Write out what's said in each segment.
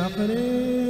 Saqri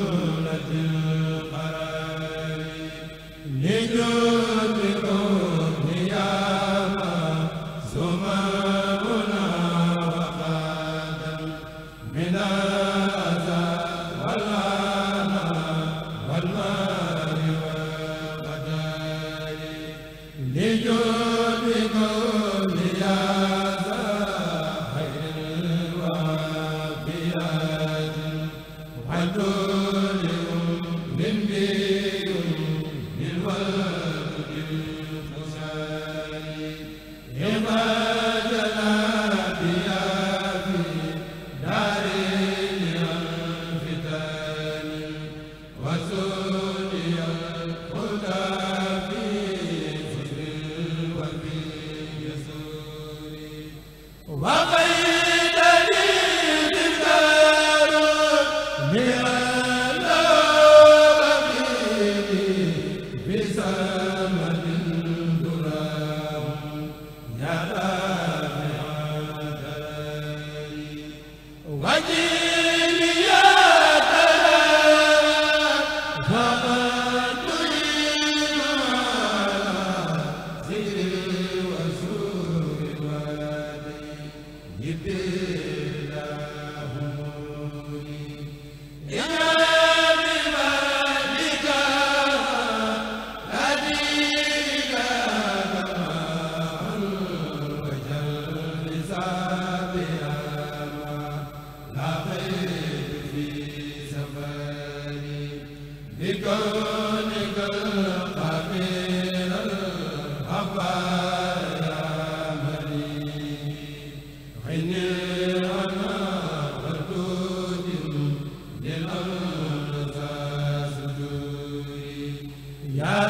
la wa yaa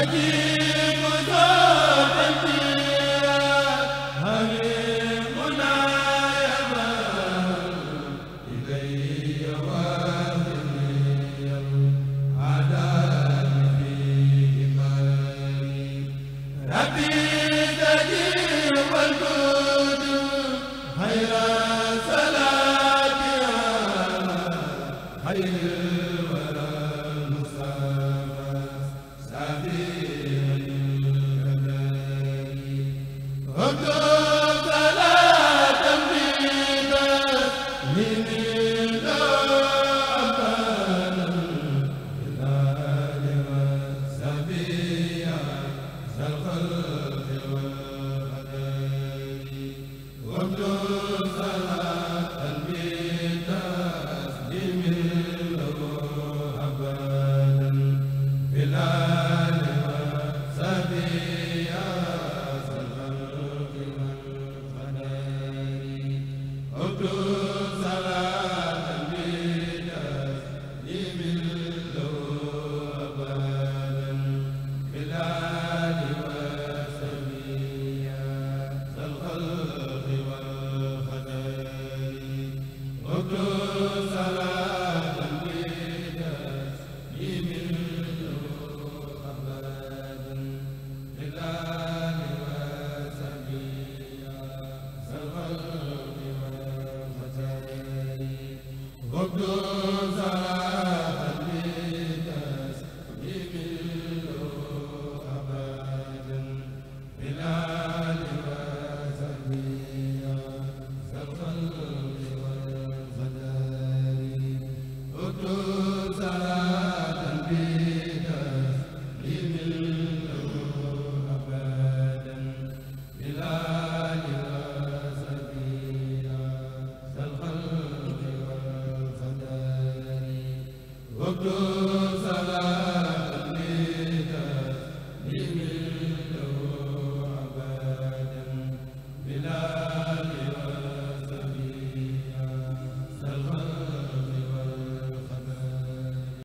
Hallelujah salatu